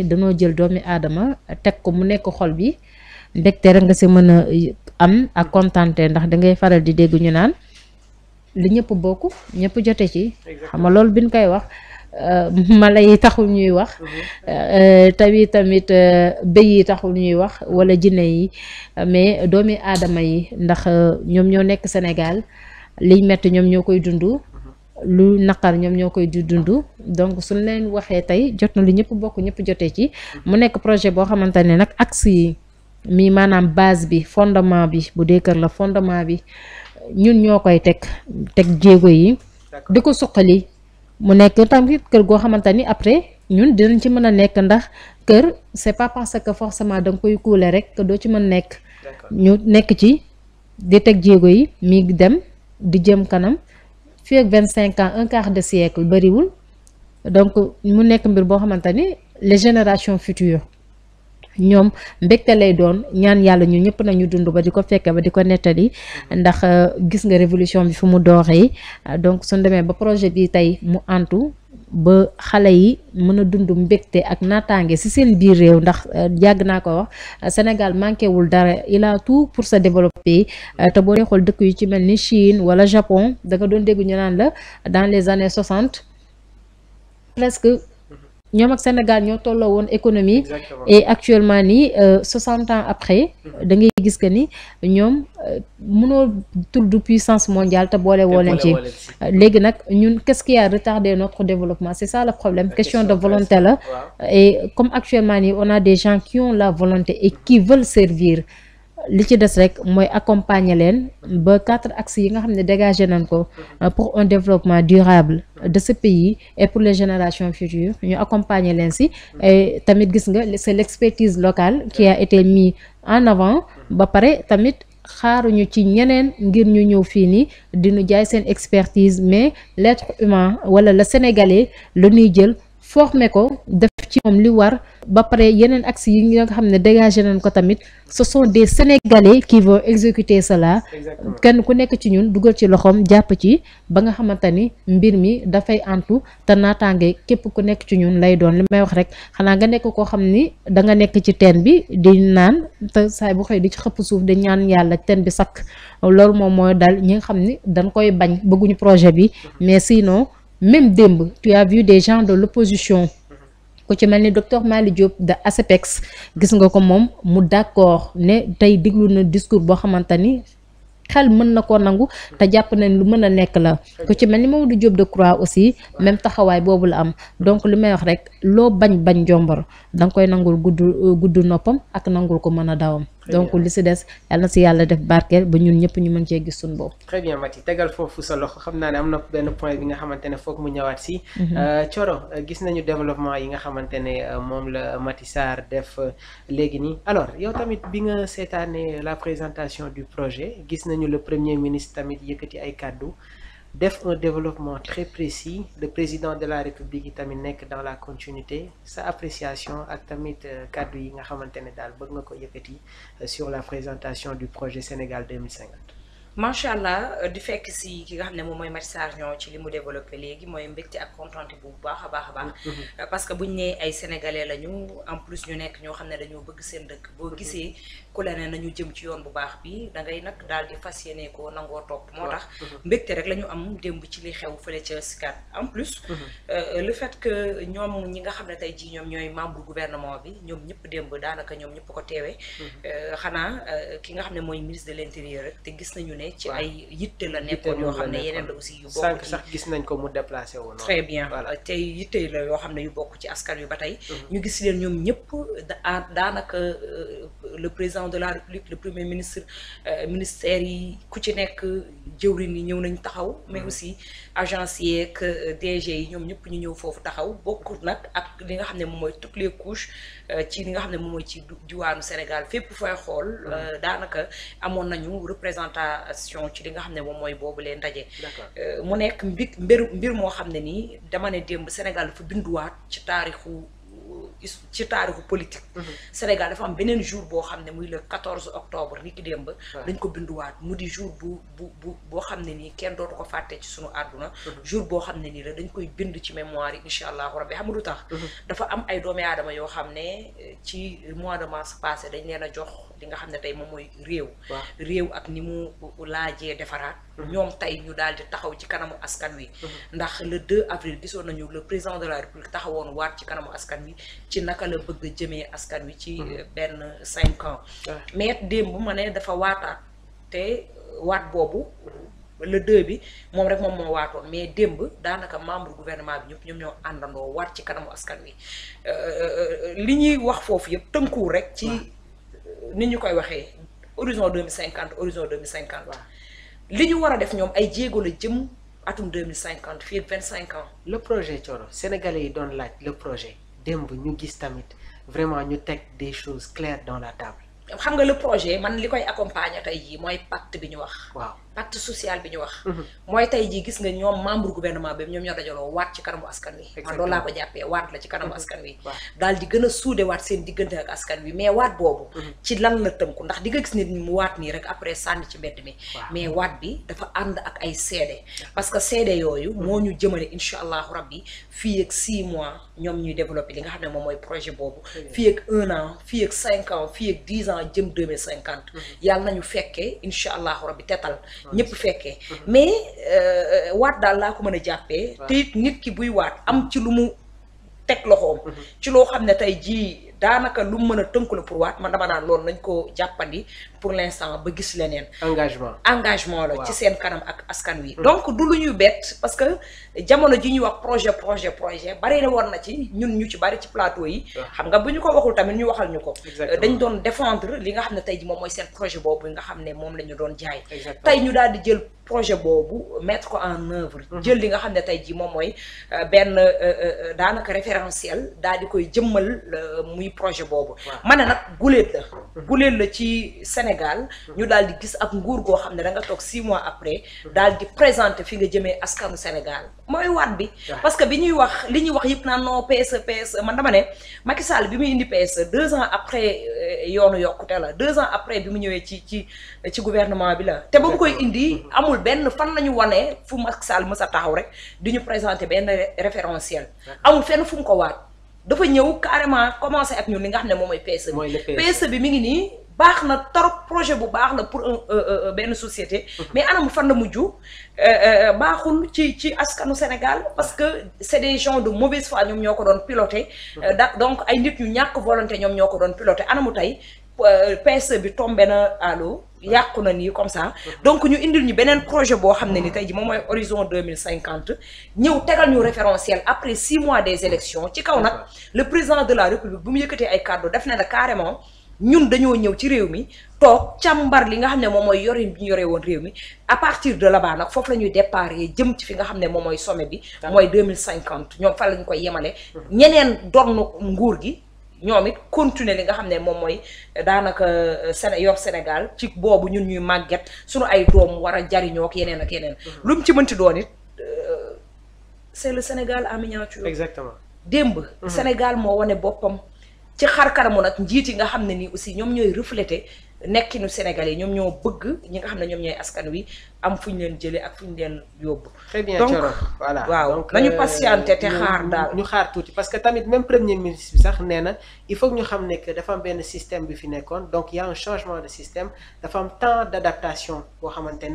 danoo jël doomi aadama teg ko mu nekk xol bi mbégte rek nga si mën a am ak kontante ndax dangay faral di dégg ñu naan li ñëpp bokk ñëpp jote ci xam nga loolu biñ koy wax euh, mala yi taxul ñuy wax mhm. euh, taw yi tamit euh, béy yi taxul ñuy wax wala jinne yi mais doomi aadama yi ndax ñoom ñoo nekk Sénégal liy metti ñoom ñoo koy dund lu naqar ñoom ñoo koy di dund donc suñ leen waxee tey jot na lu ñëpp bokk ñëpp jotee ci mu nekk projet boo xamante ne nag axe yi mii maanaam base bi fondement bi bu dee kër la fondement bi ñun ñoo koy teg teg jéego yi di ko suqali mu nekk tamit kër goo xamante ni après ñun dinañ ci mën a nekk ndax kër c'est pas parce que forcément da koy kuule rek que doo ci mën nekk ñu nekk ci di teg jéego yi mi dem di jëm kanam fii ak vingt cinq ans un quart de siècle donc mu nekk mbir boo xamante ni les générations futures ñoom mbégte lay doon ñaan yàlla ñu ñëpp nañu dund ba di ko fekke ba di ko nettali ndax euh, gis nga révolution bi fu mu dooxee donc suñ demee ba projet bi tey mu antu ba xale yi mën a dund mbégte ak naataange ci seen biir réew ndax euh, yàgg naa ko wax Sénégal manqué dara il tout pour se développer pays euh, te boo dee dëkk yu ci mel ni Chine wala Japon da doon dégg ñu naan la dans les années soixante presque ñoom ak Sénégal ñoo tolloo woon économie et actuellement nii euh, soixante ans après mhm. da ngay gis que ni ñoom euh, mënoo tudd puissance mondiale te boole woo leen ci léegi nag ñun qu'est-ce qui a retardé notre développement c'est ça le problème question de volonté la et comme actuellement nii on a des gens qui ont la volonté et qui veulent servir li ci des rek mooy accompagner leen ba quatre axes yi nga xam ne dégagé nañ ko euh, pour un développement durable de ce pays et pour les générations futures ñu accompagner leen si et tamit gis nga c'est l'expertise locale qui a été mis en avant ba pare tamit xaaruñu ci ñeneen ngir ñu ñëw fii nii dinu jaay seen expertise mais l'être humain wala le sénégalais la ñuy jël former ko def ci moom li war ba pare yeneen axe yi nga xam ne dégagé nañ ko tamit ce sont des sénégalais qui vont exécuter cela kenn ku nekk ci ñun dugal ci loxoom jàpp ci ba nga xamante ni mbir mi dafay antu te naataange képp ku nekk ci ñun lay doon li may wax rek xanaa nga nekk koo xam ni da nga nekk ci teen bi di naan te saay bu xëy di ci xëpp suuf di ñaan yàlla teen bi sakk loolu moom mooy dal ñi nga xam ni dañ koy bañ bëgguñu projet bi mais sinon même démb tu as vu des gens de l'opposition ku ci mel ni docteur Malick job de ASEPEX gis nga ko moom mu d'accord ne tey déglu na discours boo xamante ni xel mën na ko nangu te jàpp nañ lu mën a nekk la ku ci mel ni Mamadou de Decroix aussi même taxawaay boobu la am donc li may wax rek loo bañ bañ jombor da nga koy nangul gudd gudd noppam ak nangul ko mën a dawam donc li si des yàlla na si yàlla def barkeel ba ñun ñëpp ñu mën cee gis suñu bopp. très bien Maty tegal foofu sa loxo xam naa ne am na benn point bi nga xamante ne foog mu ñëwaat si. coro mhm. euh, gis nañu développement yi nga xamante ne euh, moom la Maty Sarr def euh, léegi nii alors yow tamit bi nga seetaanee la présentation du projet gis nañu le premier ministre tamit yëkkati ay kàddu. def un développement très précis le président de la république yi tamit nekk dans la continuité sa appréciation ak tamit euh, kaddu yi nga xamante ne daal bëgg nga ko yëkkati euh, sur la présentation du projet Sénégal 2050 macha allah euh, di fekk si ki nga xam ne mooy Maty Sarr Niang ci li mu développé léegi mooy mbégte ak contenté bu baax a baax a baax. Mm-hmm. parce que buñ nee ay sénégalais lañu en plus ñu nekk ñoo xam ne dañoo bëgg seen dëkk. boo mm-hmm. gisee ku la ne nañu jëm ci yoon bu baax bi da ngay nag daal di fas yéene ko nangoo topp moo tax mm-hmm. mbégte rek la am démb ci li xew fële ca SICAD en plus mm-hmm. euh, le fait que ñoom ñi nga xam ne tey jii ñoom ñooy membre gouvernement bi ñoom ñëpp démb daanaka ñoom ñëpp mm-hmm. euh, euh, nga xam ne mooy ministre de l'intérieur te gis nañu ne ci ay yitte la nekkoon yoo xam ne yeneen la aussi yu bokk sax gis nañ ko mu déplacé woon très bien te yitte la yoo xam ne yu bokk ci askan yu ba tey ñu gis leen ñoom ñëpp ah, daanaka le président président de la république le premier ministre euh, ministère yi ku ci nekk jëwrin yi ñëw nañ taxaw mais mm-hmm. aussi agence yeeg euh, DG yi ñoom ñëpp ñu ñëw foofu taxaw bokkut nag ak li nga xam ne moom mooy toutes euh, ci li xam ne moom mooy ci diwaanu Sénégal fépp fay xool mm-hmm. daanaka amoon nañu représentation ci li nga xam ne moom mooy boobu leen ndaje mu nekk mbir mbir mbir moo xam ne nii dama ne démb Sénégal dafa binduwaat ci taarixu ci taarixu politique. Mhm. Sénégal dafa am beneen jour boo xam ne muy le 14 octobre ni ki démb. dañ ko binduwaat mu di jour bu bu boo xam ne nii kenn dootu ko fàtte ci sunu àdduna. Mhm. jour boo xam ne nii la dañ koy bind ci mémoire yi incha allahu rabbi xam lu tax. Mhm. dafa am ay doomi aadama yoo xam ne ci mois de mars passé dañ leen a jox li nga xam ne tey moom mooy réew. réew ak ni mu laajee defaraat. ñoom tey ñu daal di taxaw ci kanamu askan wi. ndax le 2 avril gisoon nañu le président de la république taxawoon waat ci kanamu askan wi ci naka la bëgg jëmee askan wi. ci mm-hmm. euh, benn cinq ans. mais démb ma ne dafa waataat te euh, waat boobu. le deux bi moom rek moom moo waatoon mais démb daanaka membre gouvernement bi ñëpp ñoom ñoo àndandoo waat ci kanamu askan wi euh, li ñuy wax foofu yëpp tënkuwul rek. ci ni ñu koy waxee horizon deux mille cinquante horizon deux mille cinquante. li ñu war a def ñoom ay jéego la jëm atum deux 2050 fii 25 ans. le projet Thioro sénégalais yi doon laaj le projet démb ñu gis tamit vraiment ñu teg des choses claire dans la table. xam nga la projet man li koy accompagner tey yii mooy pacte bi ñu wax. waaw pacte social bi ñu wax. Mhm. mooy tey ji gis nga ñoom membre gouvernement bi ñoom ñoo dajaloo waat ci kanamu askan wi. man loolu laa ko jàppee waat la ci kanamu mhm. askan wi. daal di gën a suude waat seen diggante ak askan wi mais waat boobu. Mhm. ci lan la tënku ndax di nga gis nit ñi mu waat nii rek après sànni ci mbedd mi. mais waat bi dafa ànd ak ay seede. parce que seede yooyu. moo ñu jëmale incha allahu rabbi fii ak 6 mois ñoom ñuy développé li nga xam ne moom mooy projet boobu. fii ak 1 an fii ak 5 ans fii ak 10 ans jëm 2050. fekkee incha allahu rabbi tetal ñëpp fekkee mais euh, waat daal laa ko mën a jàppee te it nit ki buy waat am ci lu mu teg loxoom mhm. ci loo xam ne tey jii daanaka lu mu mën a tënku la pour waat man dama naan loolu nañ ko jàppandi pour l'instant ba gis leneen. engagement engagement la ci seen kanam ak askan wi. donc du lu ñuy bett parce que jamono ji ñuy wax projet projet projet bari na war na ci ñun ñu ci bari ci plateau yi. Ah. xam nga bu ñu ko waxul tamit ñu waxal ñu ko. dañ doon défendre li nga xam ne tey ji moom mooy seen projet boobu nga xam ne moom la ñu doon jaay. tey ñu daal di jël projet boobu mettre ko en œuvre. Mhm. jël li nga xam ne tey ji moom mooy euh, benn euh, euh, daanaka référentiel daal di koy jëmmal muy projet boobu. Sénégal ñu daal di gis ak nguur goo xam ne da nga toog 6 mois après daal di présenter fi nga jëmee askanu Sénégal mooy waat bi parce que bi ñuy wax li ñuy wax yëpp naan non PSE PSE man dama ne Macky bi muy indi PSE deux ans après euh, yoonu yokkute la deux ans après bi mu ñëwee ci ci ci gouvernement bi la te ba mu koy indi mm-hmm. amul benn fan lañu wane fu Macky Sall mës a taxaw rek di ñu présenter benn référentiel amul fenn fu mu ko waat dafa ñëw carrément commencé ak ñun li nga xam ne moom mooy PSE bi PSE bi mi ngi nii baax na trop projet bu baax la pour un euh, euh, euh, benn société. mais anam fan la mujj baaxul ci ci askanu Sénégal parce que c'est des gens de mauvaise foi ñoom ñoo ko doon piloté. da donc ay nit ñu ñàkk volonté ñoom ñoo ko doon piloté anamu tey PSE bi tombé na à l'eau yàqu na nii comme ça. donc ñu indi ñu beneen projet boo xam ne ni tey ji moom mooy horizon deux mille cinquante ñëw tegal ñu référentiel après six mois des élections ci kaw nag le président de la république bu mu yëkkatee ay kàddu def na la carrément. ñun dañoo ñëw ci réew mi toog càmbar li nga xam ne moom mooy yorin bi ñu yore woon réew mi à partir de là-bas nag foofu la ñuy départ jëm ci fi nga xam ne moom mooy some bi. mooy deux mille cinquante ñoom fan la ñu koy yemale. ñeneen donn nguur gi. ñoom it continuer li nga xam ne moom mooy daanaka euh, Séné yor Sénégal ci boobu ñun ñuy màgget suñu ay doom war a jariñoo ak yeneen ak yeneen. Mhm. lu mu ci mënti doon it euh, c'est le Sénégal en miniature. exactement démb. Mhm. Sénégal moo wane boppam. ci xar karamu nag njiit yi nga xam ne nii aussi ñoom ñooy refléter nekkinu sénégal yi ñoom ñoo bëgg ñi nga xam ne ñoom ñooy askan wi am fu ñu leen jëlee ak fu ñu leen yóbbu. très bien donc voilà waaw nañu euh, patienté te xaar daal. ñu xaar tuuti parce que tamit même premier ministre bi sax nee na il faut que ñu xam ne que dafa am benn système bi fi nekkoon donc y a un changement de système dafa am temps d'adaptation boo xamante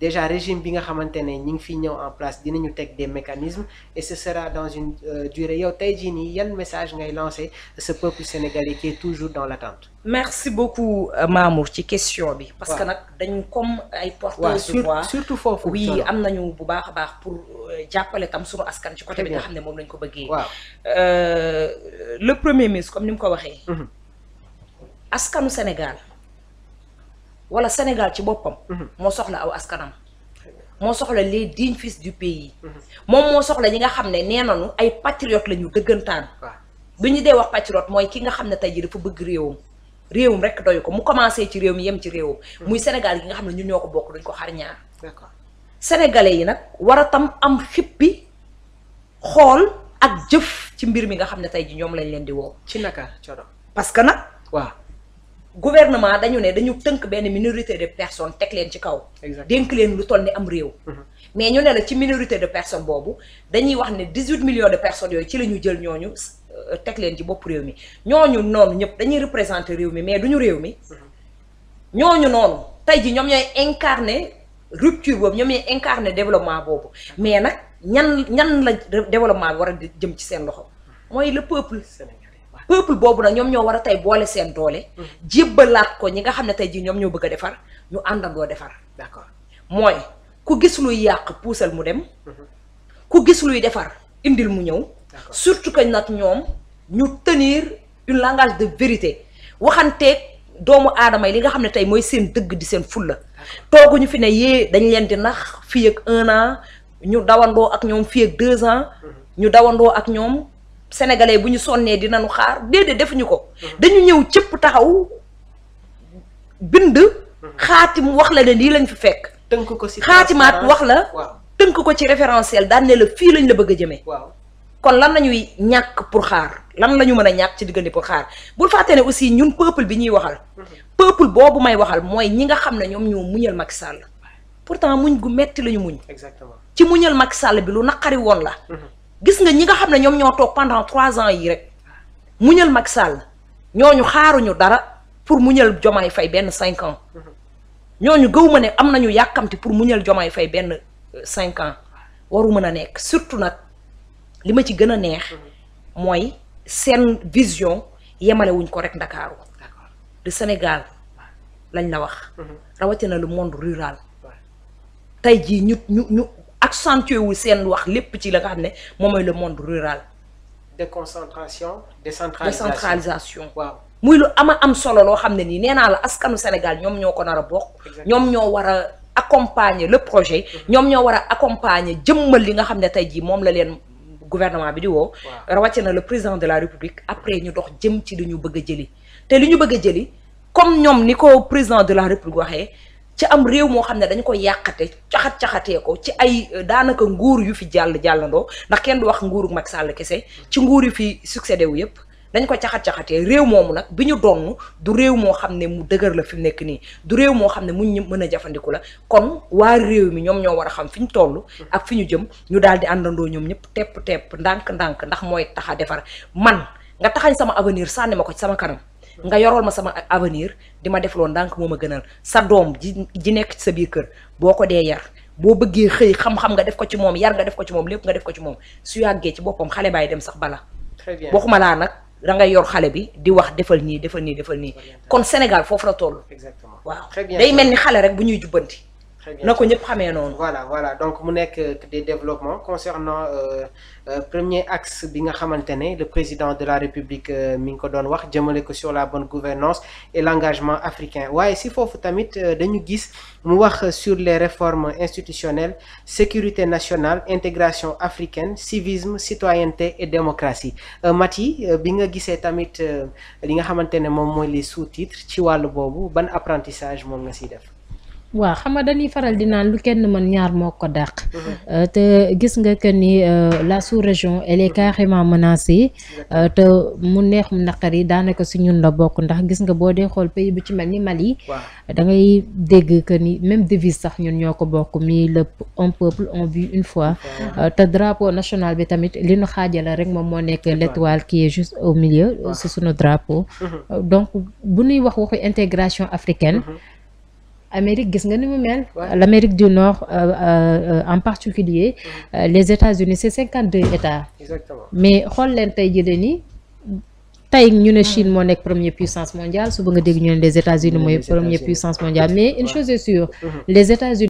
déjà régime bi nga xamante ne ñi ngi fi ñëw en place ñu teg des mécanismes et ce sera dans une euh, durée yow tey jii nii yan message ngay lancer ce peuple sénégalais qui est toujours dans l'attente merci beaucoup euh, Mamour ci question bi parce que nag dañ comme ay porteurs de voix surtout foofu oui am nañu bu baax a baax pour euh, jàppale tam suñu askan ci côté bi nga xam ne moom lañ ko bëggee le mu ko waxee. Mhm. askanu senegal wala senegal ci boppam. Mhm. moo soxla aw askanam. moo soxla les dignes fils du pays. Mhm. moom moo soxla ñi nga xam ne nee nañu ay patriotes lañu dëggantaan. bi ñu dee wax patriote mooy ki nga xam ne tey jii dafa bëgg réewam. réewum rek doy ko mu commencé ci réew mi yem ci réewam. muy Sénégal yi nga xam ne ñu ñoo ko bokk duñ ko xar ñaar. d'accord sénégalais yi nag war a tam am xippi xool ak jëf. ci mbir mi nga xam ne tey ji ñoom lañ leen di woo. ci naka coro parce que nag waaw gouvernement dañu ne dañu tënk benn minorité de personne teg leen ci kaw. dénk leen lu toll ni am réew. Mhm. mais ñu ne la ci minorité de personnes boobu dañuy wax ne dix huit millions de personnes yooyu ci la ñu jël ñooñu euh, teg leen ci bopp réew mi ñooñu noonu ñëpp dañuy représenté réew mi mais duñu réew mi. Mhm. ñooñu noonu tey ji ñoom ñooy incarner rupture boobu ñoom ñooy ne développement boobu mais nag ñan ñan la développement bi war a jëm ci seen loxo hmm. mooy le peuple. peuple boobu nag ñoom ñoo war a tey boole seen doole. Hmm. laat ko ñi nga xam ne tey jii ñoom ñoo bëgg a defar ñu àndandoo defar. d'accord mooy ku gis luy yàq puusal mu dem. Hmm. ku gis luy defar indil mu ñëw. surtout que nag ñoom ñu tenir un langage de vérité waxanteeg. doomu aadama yi li nga xam ne tey mooy seen dëgg di seen fulla ñu fi ne yee dañ leen di nax fii ak un an ñu dawandoo ak ñoom fii ak deux ñu dawandoo ak ñoom sénégalais bu ñu sonnee dinañu xaar déedéet defuñu ko dañu ñëw cëpp taxaw bind xaatim wax la ne lii lañ fi fekk tënk ko ci xaatimaat wax la tënk ko ci référentiel daan ne la fii lañ la bëgg a jëmee kon lan lañuy ñàkk pour xaar lan la ñu mën a ñàkk ci diggante pour xaar bul fàtte ne aussi ñun peuple bi ñuy waxal. peuple boobu may waxal mooy ñi nga xam ne ñoom ñoo muñal Macky Sall pourtant muñ gu metti la ñu muñ. exactement ci muñal mag sàll bi lu naqari woon la. Mm-hmm. gis nga ñi nga xam ne ñoom ñoo toog pendant trois ans yi rek muñal Macky Sall ñooñu xaaruñu dara pour muñal Jomaay Fay benn cinq ans mm-hmm. ñooñu gëw ma ne am na ñu yàkkamti pour muñal Jomaay Fay benn euh, cinq ans waru mën a nekk surtout nag li ma ci gën a neex mm-hmm. seen vision yemale ko rek ndakaaru du Sénégal lañ la wax mhm. rawatina le monde rural tey jii ñu ñu ñu accentué wu seen wax lépp ci la nga xam ne moom mooy le monde rural déconcentration décentralisation décentralisation waaw muy lu ama am solo loo xam ne nii nee naa la askanu Sénégal ñoom ñoo ko nar a bokk ñoom ñoo war a accompagner le projet mhm. ñoom ñoo war a accompagner jëmmal li nga xam ne tey jii moom la leen gouvernement bi di woo. na la président de la république après ñu dox jëm ci li ñu bëgg a jëli. te li ñu bëgg a jëli comme ñoom ni ko président de la république waxee ci am réew moo xam ne dañu ko yàqate caxat caxatee ko ci ay euh, daanaka nguur yu fi jàll jàllandoo ndax kenn du wax nguuru mag sàll kese ci nguur yu fi succédé wu yëpp. dañ ko caxat-caxatee réew moomu nag bi ñu donn du réew moo xam ne mu dëgër la fi mu nekk nii du réew moo xam ne mu ñu mën a jafandiku la kon waa réew mi ñoom ñoo war a xam fi ñu toll ak fi ñu jëm ñu daal di àndandoo ñoom ñëpp tepp tepp ndànk-ndànk ndax mooy tax a defar man nga taxañ sama avenir sànni ma ko ci sama kanam nga yorool ma sama avenir di ma defloo ndànk moo ma gënal sa doom ji ji nekk ci sa biir kër boo ko dee yar boo bëggee xëy xam-xam nga def ko ci moom yar nga def ko ci moom lépp nga def ko ci moom su yàggee ci boppam xale baay dem sax bala waxuma laa nag da ngay yor xale bi di wax defal nii defal nii defal nii kon Sénégal foofu la toll. exactement waaw day mel ni xale rek bu ñuy jubbanti. na ko ñëpp xamee noonu. voilà voilà donc mu nekk euh, des développements concernant euh, euh, premier axe bi nga xamante ne le président de la république mi ngi ko doon wax jëmale ko sur la bonne gouvernance et l'engagement africain waaye si foofu tamit dañu gis mu wax sur les réformes institutionnelles sécurité nationale intégration africaine civisme citoyenneté et démocratie yi bi nga gisee tamit li nga xamante ne moom mooy li sous-titres ci wàllu boobu ban apprentissage moom nga siy def. waaw xam nga dañuy faral di naan lu kenn mën ñaar moo ko dàq. Mhm. Euh, te gis nga que ni euh, la sous-région elle est mhm. carrément menacée euh, te mu neex mu yi daanaka si ñun la bokk ndax gis nga boo dee xool pays bu ci mel ni Mali. da ngay dégg que ni même devise sax ñun ñoo ko bokk mi le un peuple on vit une fois. te drapeau national bi tamit li nu xaajale rek moom moo nekk l'étoile qui est juste au milieu. si suñu drapeau. donc bu nuy wax waxu intégration africaine. Mhm. Amérique gis nga ni mu mel l'Amérique du Nord euh, euh, en particulier mm-hmm. euh, les États-Unis c'est cinquante deux États Exactement. mais xool leen tey jëlee ni tey ñu ne Chine moo nekk première puissance mondiale ba nga dégg ñu ne les États-Unis mm-hmm. mooy première puissance mondiale mais une chose est sûre mm-hmm. les États-Unis